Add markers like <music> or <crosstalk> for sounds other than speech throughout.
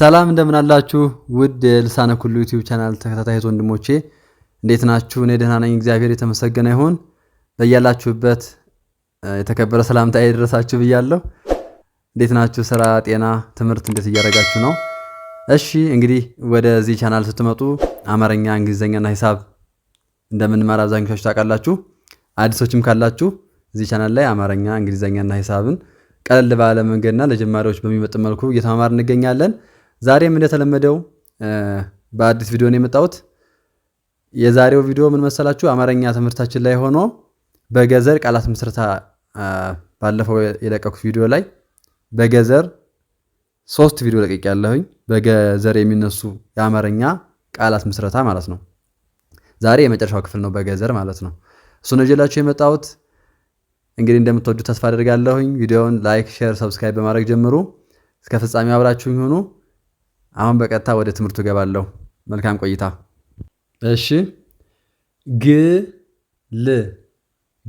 ሰላም እንደምን አላችሁ ውድ የልሳነ ኩሉ ዩቲዩብ ቻናል ተከታታይ ወንድሞቼ እንዴት ናችሁ? እኔ ደህና ነኝ፣ እግዚአብሔር የተመሰገነ ይሁን። በያላችሁበት የተከበረ ሰላምታ የደረሳችሁ ብያለሁ። እንዴት ናችሁ? ስራ፣ ጤና፣ ትምህርት እንዴት እያደረጋችሁ ነው? እሺ እንግዲህ ወደዚህ ቻናል ስትመጡ አማርኛ፣ እንግሊዝኛና ሂሳብ እንደምንማር አብዛኞቻችሁ ታውቃላችሁ። አዲሶችም ካላችሁ እዚህ ቻናል ላይ አማርኛ፣ እንግሊዝኛና ሂሳብን ቀለል ባለ መንገድና ለጀማሪዎች በሚመጥ መልኩ እየተማማር እንገኛለን። ዛሬም እንደተለመደው በአዲስ ቪዲዮ ነው የመጣሁት። የዛሬው ቪዲዮ ምን መሰላችሁ? አማርኛ ትምህርታችን ላይ ሆኖ በገዘር ቃላት ምስረታ ባለፈው የለቀኩት ቪዲዮ ላይ በገዘር ሶስት ቪዲዮ ለቀቅ ያለሁኝ በገዘር የሚነሱ የአማርኛ ቃላት ምስረታ ማለት ነው። ዛሬ የመጨረሻው ክፍል ነው በገዘር ማለት ነው። እሱ ነው ይዤላችሁ የመጣሁት። እንግዲህ እንደምትወዱ ተስፋ አድርጋለሁኝ። ቪዲዮውን ላይክ፣ ሼር፣ ሰብስክራይብ በማድረግ ጀምሩ። እስከ ፍጻሜ አብራችሁኝ ሆኑ። አሁን በቀጥታ ወደ ትምህርቱ ገባለሁ። መልካም ቆይታ። እሺ ግል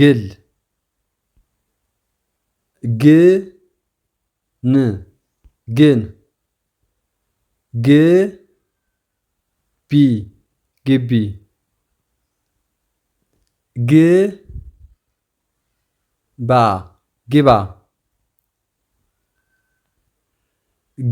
ግል ግን ግን ግቢ ግቢ ግባ ግባ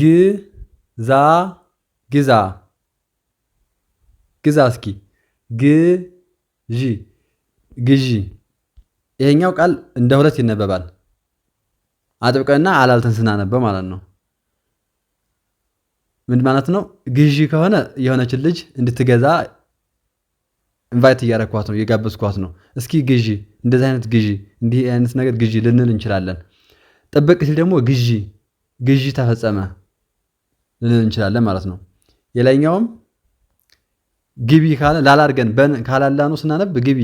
ግ ዛ ግዛ ግዛ እስኪ ግዢ ግዢ ይሄኛው ቃል እንደ ሁለት ይነበባል። አጥብቀንና አላልተን ስናነበው ማለት ነው። ምን ማለት ነው? ግዢ ከሆነ የሆነችን ልጅ እንድትገዛ ኢንቫይት እያረኳት ነው፣ እየጋበዝኳት ነው። እስኪ ግዢ፣ እንደዚህ አይነት ግዢ፣ እንዲህ አይነት ነገር ግዢ ልንል እንችላለን። ጥብቅ ሲል ደግሞ ግዢ ግዢ ተፈጸመ ልንል እንችላለን ማለት ነው። የላይኛውም ግቢ ላላርገን ካላላኑ ስናነብ ግቢ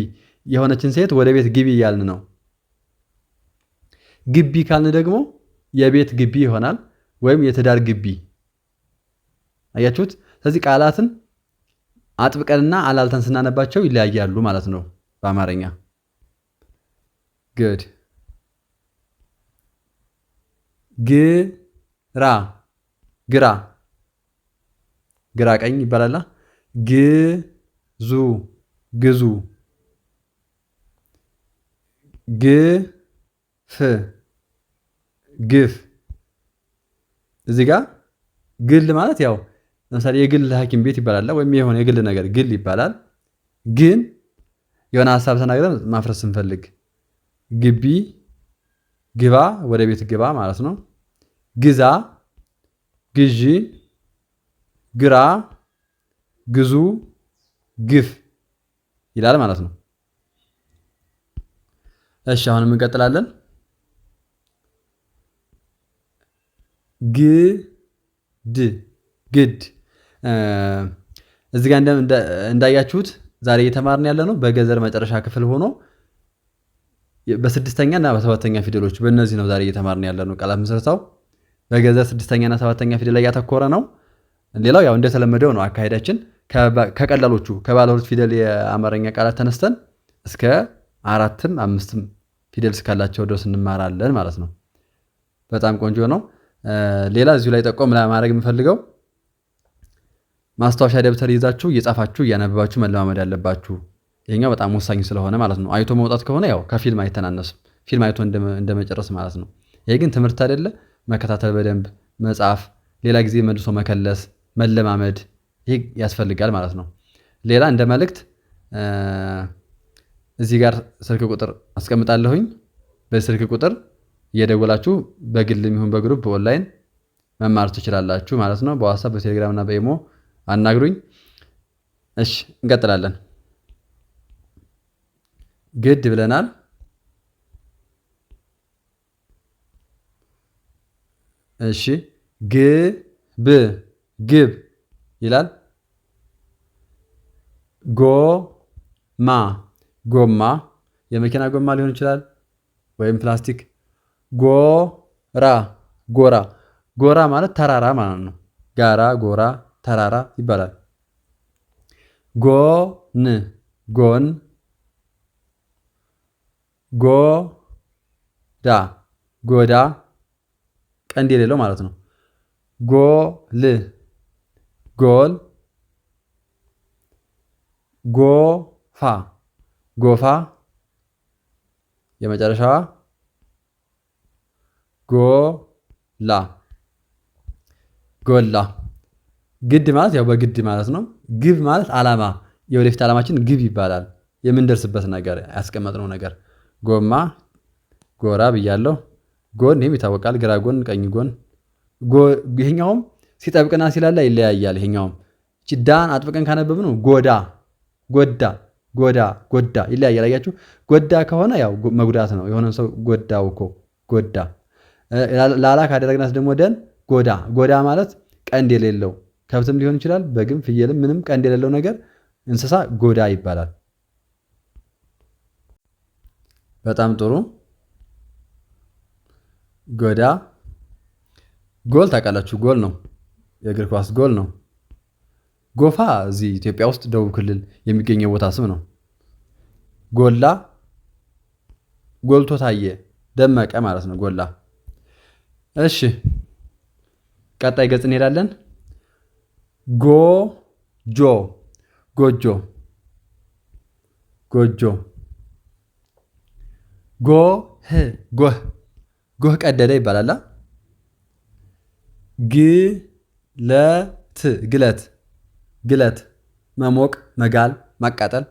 የሆነችን ሴት ወደ ቤት ግቢ እያልን ነው። ግቢ ካልን ደግሞ የቤት ግቢ ይሆናል፣ ወይም የትዳር ግቢ። አያችሁት? ስለዚህ ቃላትን አጥብቀንና አላልተን ስናነባቸው ይለያያሉ ማለት ነው በአማርኛ። ግድ ግራ ግራ ግራ ቀኝ ይባላላ። ግዙ ግዙ ግፍ ግፍ እዚህ ጋር ግል ማለት ያው ለምሳሌ የግል ሐኪም ቤት ይባላል ወይም የሆነ የግል ነገር ግል ይባላል። ግን የሆነ ሀሳብ ተናግረን ማፍረስ ስንፈልግ ግቢ ግባ፣ ወደ ቤት ግባ ማለት ነው። ግዛ ግዢ ግራ ግዙ ግፍ ይላል ማለት ነው። እሺ አሁንም እንቀጥላለን። ግድ ግድ እዚህ ጋር እንዳያችሁት ዛሬ እየተማርን ያለ ነው በገዘር መጨረሻ ክፍል ሆኖ በስድስተኛ እና በሰባተኛ ፊደሎች በእነዚህ ነው ዛሬ እየተማርን ያለ ነው ቃላት ምስረታው በገዛ ስድስተኛና ሰባተኛ ፊደል ላይ ያተኮረ ነው። ሌላው ያው እንደተለመደው ነው አካሄዳችን ከቀላሎቹ ከባለ ሁለት ፊደል የአማርኛ ቃላት ተነስተን እስከ አራትም አምስትም ፊደል እስካላቸው ድረስ እንማራለን ማለት ነው። በጣም ቆንጆ ነው። ሌላ እዚሁ ላይ ጠቆም ለማድረግ የምፈልገው ማስታወሻ ደብተር ይዛችሁ እየጻፋችሁ እያነበባችሁ መለማመድ ያለባችሁ ይሄኛው በጣም ወሳኝ ስለሆነ ማለት ነው። አይቶ መውጣት ከሆነ ያው ከፊልም አይተናነስም፣ ፊልም አይቶ እንደመጨረስ ማለት ነው። ይሄ ግን ትምህርት አይደለ መከታተል በደንብ መጻፍ፣ ሌላ ጊዜ መልሶ መከለስ፣ መለማመድ ይህ ያስፈልጋል ማለት ነው። ሌላ እንደ መልእክት እዚህ ጋር ስልክ ቁጥር አስቀምጣለሁኝ። በዚህ ስልክ ቁጥር እየደወላችሁ በግል የሚሆን በግሩፕ በኦንላይን መማር ትችላላችሁ ማለት ነው። በዋትሳፕ በቴሌግራም እና በኢሞ አናግሩኝ። እሺ እንቀጥላለን። ግድ ብለናል። እሺ ግብ ግብ ይላል። ጎማ ጎማ የመኪና ጎማ ሊሆን ይችላል ወይም ፕላስቲክ። ራ ጎራ ጎራ ማለት ተራራ ማለት ነው። ጋራ፣ ጎራ፣ ተራራ ይባላል። ጎን ጎን ዳ ጎዳ ቀንድ የሌለው ማለት ነው። ጎል ጎል ጎፋ ጎፋ የመጨረሻዋ ጎላ ጎላ ግድ ማለት ያው በግድ ማለት ነው። ግብ ማለት ዓላማ፣ የወደፊት ዓላማችን ግብ ይባላል። የምንደርስበት ነገር ያስቀመጥነው ነገር። ጎማ ጎራ ብያለሁ። ጎን ይህም ይታወቃል። ግራ ጎን፣ ቀኝ ጎን። ይሄኛውም ሲጠብቅና ሲላላ ይለያያል። ይሄኛውም እቺ ዳን አጥብቀን ካነበብ ነው ጎዳ፣ ጎዳ፣ ጎዳ፣ ጎዳ ይለያያል። አያችሁ ጎዳ ከሆነ ያው መጉዳት ነው። የሆነ ሰው ጎዳው እኮ ጎዳ። ላላ ካደረግናት ደግሞ ደን ጎዳ። ጎዳ ማለት ቀንድ የሌለው ከብትም ሊሆን ይችላል፣ በግም ፍየልም፣ ምንም ቀንድ የሌለው ነገር እንስሳ ጎዳ ይባላል። በጣም ጥሩ ጎዳ ጎል ታውቃላችሁ፣ ጎል ነው የእግር ኳስ ጎል ነው። ጎፋ እዚህ ኢትዮጵያ ውስጥ ደቡብ ክልል የሚገኘው ቦታ ስም ነው። ጎላ ጎልቶ ታየ፣ ደመቀ ማለት ነው ጎላ። እሺ ቀጣይ ገጽ እንሄዳለን። ጎጆ ጎጆ ጎጆ ጎህ ጎህ ጉህ ቀደደ ይባላላ ግለት ግለት ግለት መሞቅ መጋል ማቃጠል።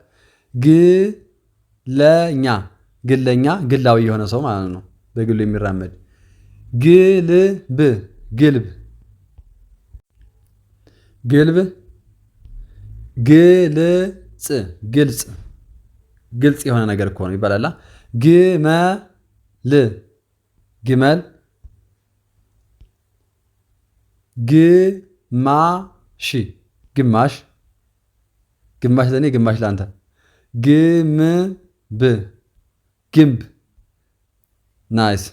ግለኛ ግለኛ ግላዊ የሆነ ሰው ማለት ነው፣ በግሉ የሚራመድ። ግልብ ግልብ ግልብ ግልጽ ግልጽ ግልጽ የሆነ ነገር እኮ ነው ይባላላ። ግመል ግመል ግማሽ ግማሽ ግማሽ ለእኔ ግማሽ ለአንተ ግምብ ግንብ ናይስ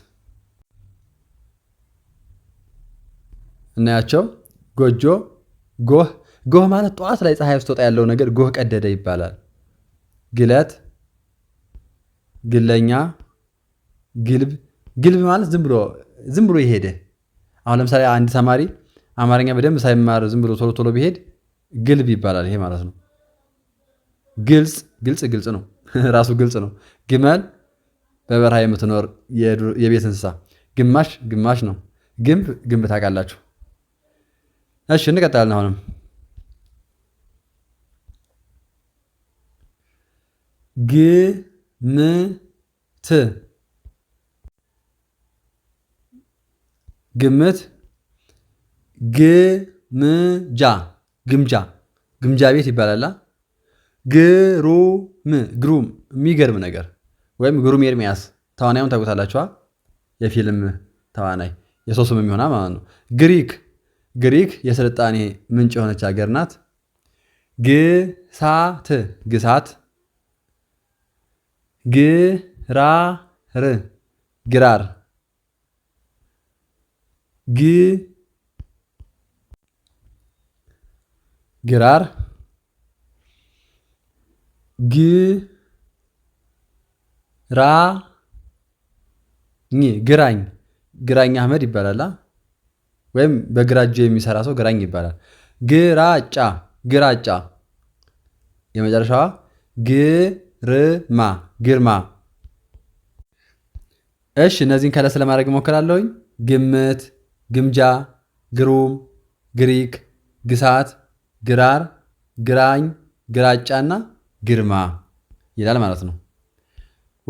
እናያቸው ጎጆ ጎህ ጎህ ማለት ጠዋት ላይ ፀሐይ ስትወጣ ያለው ነገር ጎህ ቀደደ ይባላል ግለት ግለኛ ግልብ ግልብ ማለት ዝም ብሎ ዝም ብሎ ይሄደ። አሁን ለምሳሌ አንድ ተማሪ አማርኛ በደንብ ሳይማር ዝም ብሎ ቶሎ ቶሎ ቢሄድ ግልብ ይባላል። ይሄ ማለት ነው። ግልጽ ግልጽ ግልጽ ነው፣ <laughs> ራሱ ግልጽ ነው። ግመል በበረሃ የምትኖር የቤት እንስሳ፣ ግማሽ ግማሽ ነው። ግንብ ግንብ ታውቃላችሁ። እሺ እንቀጥላለን። አሁንም ግምት ግምት ግምጃ ግምጃ ግምጃ ቤት ይባላላ። ግሩም ግሩም የሚገርም ነገር ወይም ግሩም ኤርሚያስ ተዋናዩን ታውቁታላችኋ? የፊልም ተዋናይ የሰው ስም የሚሆና ማለት ነው። ግሪክ ግሪክ የስልጣኔ ምንጭ የሆነች ሀገር ናት። ግሳት ግሳት ግራር ግራር ግ ግራር ግ ራ ግራኝ ግራኝ አህመድ ይባላል። ወይም በግራ እጁ የሚሰራ ሰው ግራኝ ይባላል። ግራጫ ግራጫ የመጨረሻዋ ግርማ ግርማ። እሺ እነዚህን ከለስ ለማድረግ እሞክራለሁኝ ግምት ግምጃ፣ ግሩም፣ ግሪክ፣ ግሳት፣ ግራር፣ ግራኝ፣ ግራጫና ግርማ ይላል ማለት ነው።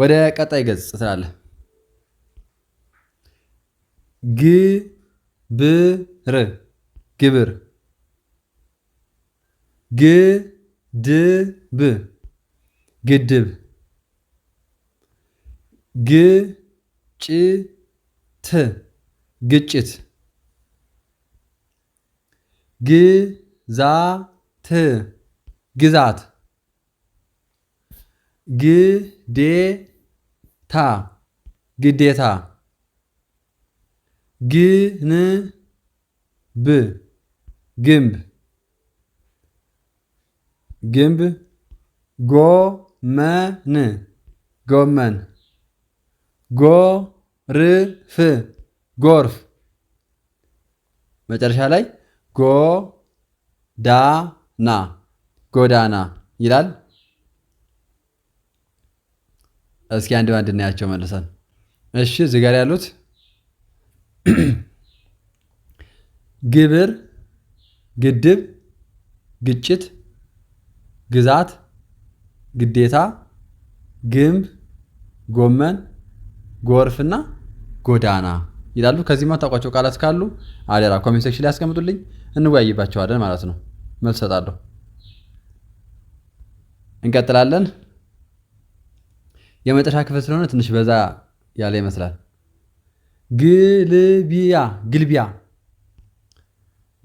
ወደ ቀጣይ ገጽ ትላለህ። ግብር ግብር ግድብ ግድብ ግጭት ግጭት ግዛት ግዛት ግዴታ ግዴታ ግንብ ግንብ ግንብ ጎመን ጎመን ጎርፍ ጎርፍ መጨረሻ ላይ ጎዳና ጎዳና ይላል። እስኪ አንድ ባንድ እናያቸው መልሰን። እሺ እዚህ ጋር ያሉት <clears throat> ግብር፣ ግድብ፣ ግጭት፣ ግዛት፣ ግዴታ፣ ግንብ፣ ጎመን፣ ጎርፍና ጎዳና ይላሉ። ከዚህ ማታውቋቸው ቃላት ካሉ አደራ ኮሜንት ሴክሽን ላይ ያስቀምጡልኝ። እንወያይባቸዋለን ማለት ነው። መልስ ሰጣለሁ እንቀጥላለን። የመጨረሻ ክፍል ስለሆነ ትንሽ በዛ ያለ ይመስላል። ግልቢያ ግልቢያ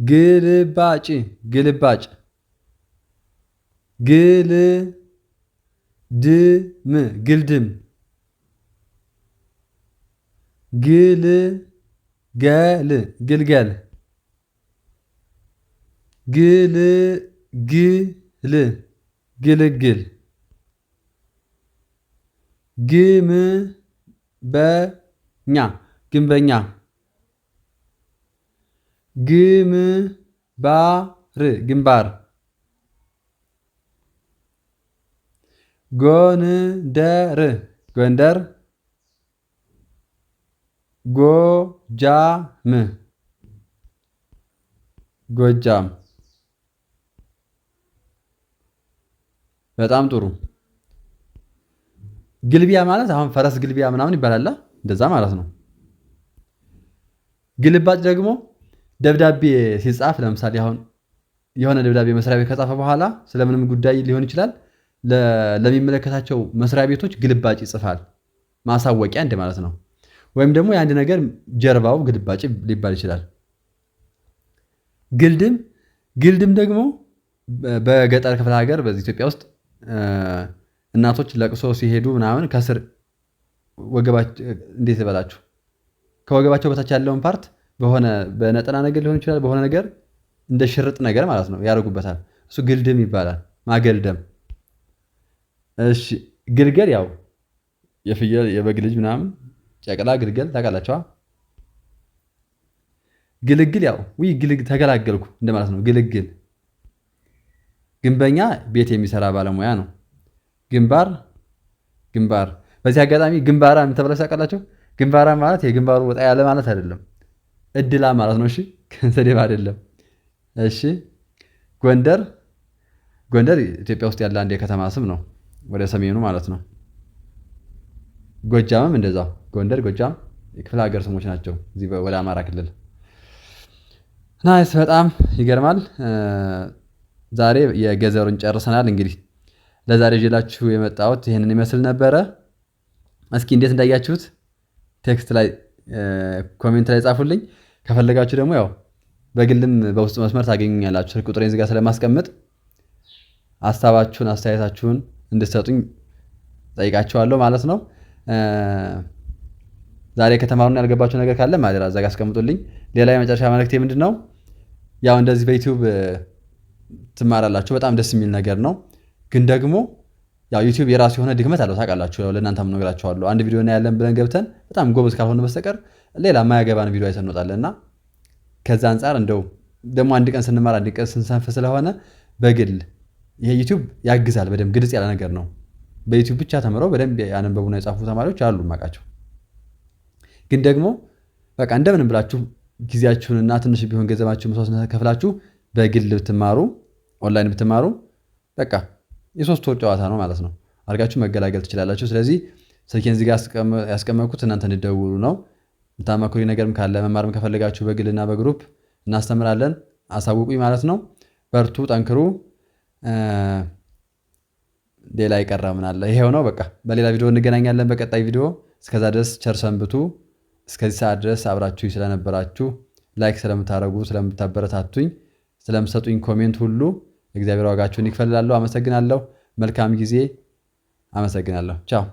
ግልባጭ ግልባጭ ግልድም ግልድም ግልገል ግልገል ግልግል ግልግል ግምበኛ ግንበኛ ግምባር ግንባር ጎንደር ጎንደር ጎጃም ጎጃም በጣም ጥሩ። ግልቢያ ማለት አሁን ፈረስ ግልቢያ ምናምን ይባላል፣ እንደዛ ማለት ነው። ግልባጭ ደግሞ ደብዳቤ ሲጻፍ፣ ለምሳሌ አሁን የሆነ ደብዳቤ መስሪያ ቤት ከጻፈ በኋላ ስለምንም ጉዳይ ሊሆን ይችላል ለሚመለከታቸው መስሪያ ቤቶች ግልባጭ ይጽፋል። ማሳወቂያ እንደ ማለት ነው። ወይም ደግሞ የአንድ ነገር ጀርባው ግልባጭ ሊባል ይችላል። ግልድም ግልድም ደግሞ በገጠር ክፍለ ሀገር በዚህ ኢትዮጵያ ውስጥ እናቶች ለቅሶ ሲሄዱ ምናምን ከስር እንዴት ይበላችሁ ከወገባቸው በታች ያለውን ፓርት በሆነ በነጠላ ነገር ሊሆን ይችላል፣ በሆነ ነገር እንደ ሽርጥ ነገር ማለት ነው ያደርጉበታል። እሱ ግልድም ይባላል። ማገልደም። እሺ፣ ግልገል ያው የፍየል የበግ ልጅ ምናምን ጨቅላ ግልገል ታውቃላችኋ። ግልግል ያው ውይ ግልግ ተገላገልኩ እንደማለት ነው። ግልግል ግንበኛ ቤት የሚሰራ ባለሙያ ነው። ግንባር ግንባር በዚህ አጋጣሚ ግንባራ ተብላችሁ ታውቃላችሁ? ግንባራ ማለት የግንባሩ ወጣ ያለ ማለት አይደለም፣ እድላ ማለት ነው። እሺ ከሰደብ አይደለም። እሺ ጎንደር ጎንደር ኢትዮጵያ ውስጥ ያለ አንድ የከተማ ስም ነው፣ ወደ ሰሜኑ ማለት ነው። ጎጃምም እንደዛው ጎንደር፣ ጎጃም የክፍለ ሀገር ስሞች ናቸው። እዚህ ወደ አማራ ክልል ናይስ፣ በጣም ይገርማል። ዛሬ የገዘሩን ጨርሰናል። እንግዲህ ለዛሬ ይዤላችሁ የመጣሁት ይህንን ይመስል ነበረ። እስኪ እንዴት እንዳያችሁት ቴክስት ላይ ኮሜንት ላይ ጻፉልኝ። ከፈለጋችሁ ደግሞ ያው በግልም በውስጥ መስመር ታገኙኛላችሁ። ስልክ ቁጥሬን እዚህ ስለማስቀምጥ ሀሳባችሁን፣ አስተያየታችሁን እንድትሰጡኝ ጠይቃችኋለሁ ማለት ነው። ዛሬ ከተማሩን ያልገባችሁ ነገር ካለ ማደራ እዛ ጋ አስቀምጡልኝ። ሌላ የመጨረሻ መልእክቴ ምንድን ነው? ያው እንደዚህ በዩቲዩብ ትማራላችሁ። በጣም ደስ የሚል ነገር ነው። ግን ደግሞ ያው ዩቲዩብ የራሱ የሆነ ድክመት አለው ታውቃላችሁ። ለእናንተም እነግራችኋለሁ። አንድ ቪዲዮ እናያለን ብለን ገብተን በጣም ጎበዝ ካልሆነ በስተቀር ሌላ ማያገባን ቪዲዮ አይተን እንወጣለን እና ከዛ አንጻር እንደው ደግሞ አንድ ቀን ስንማር አንድ ቀን ስንሰንፍ ስለሆነ በግል ይሄ ዩቲዩብ ያግዛል። በደንብ ግልጽ ያለ ነገር ነው። በዩቲዩብ ብቻ ተምረው በደንብ ያነበቡና የጻፉ ተማሪዎች አሉ ማቃቸው። ግን ደግሞ በቃ እንደምንም ብላችሁ ጊዜያችሁንና ትንሽ ቢሆን ገንዘባችሁን መስዋዕትነት ከፍላችሁ በግል ብትማሩ ኦንላይን ብትማሩ በቃ የሶስት ወር ጨዋታ ነው ማለት ነው። አድርጋችሁ መገላገል ትችላላችሁ። ስለዚህ ስልኬን እዚህ ጋር ያስቀመጥኩት እናንተ እንድደውሉ ነው። የምታማክሩ ነገርም ካለ መማርም ከፈለጋችሁ በግልና በግሩፕ እናስተምራለን። አሳውቁኝ ማለት ነው። በርቱ፣ ጠንክሩ። ሌላ ይቀራ ምናለ ይሄው ነው በቃ። በሌላ ቪዲዮ እንገናኛለን፣ በቀጣይ ቪዲዮ። እስከዛ ድረስ ቸር ሰንብቱ። እስከዚህ ሰዓት ድረስ አብራችሁ ስለነበራችሁ፣ ላይክ ስለምታደረጉ ስለምታበረታቱኝ ስለምሰጡኝ ኮሜንት ሁሉ እግዚአብሔር ዋጋችሁን ይክፈልላለሁ። አመሰግናለሁ። መልካም ጊዜ። አመሰግናለሁ። ቻው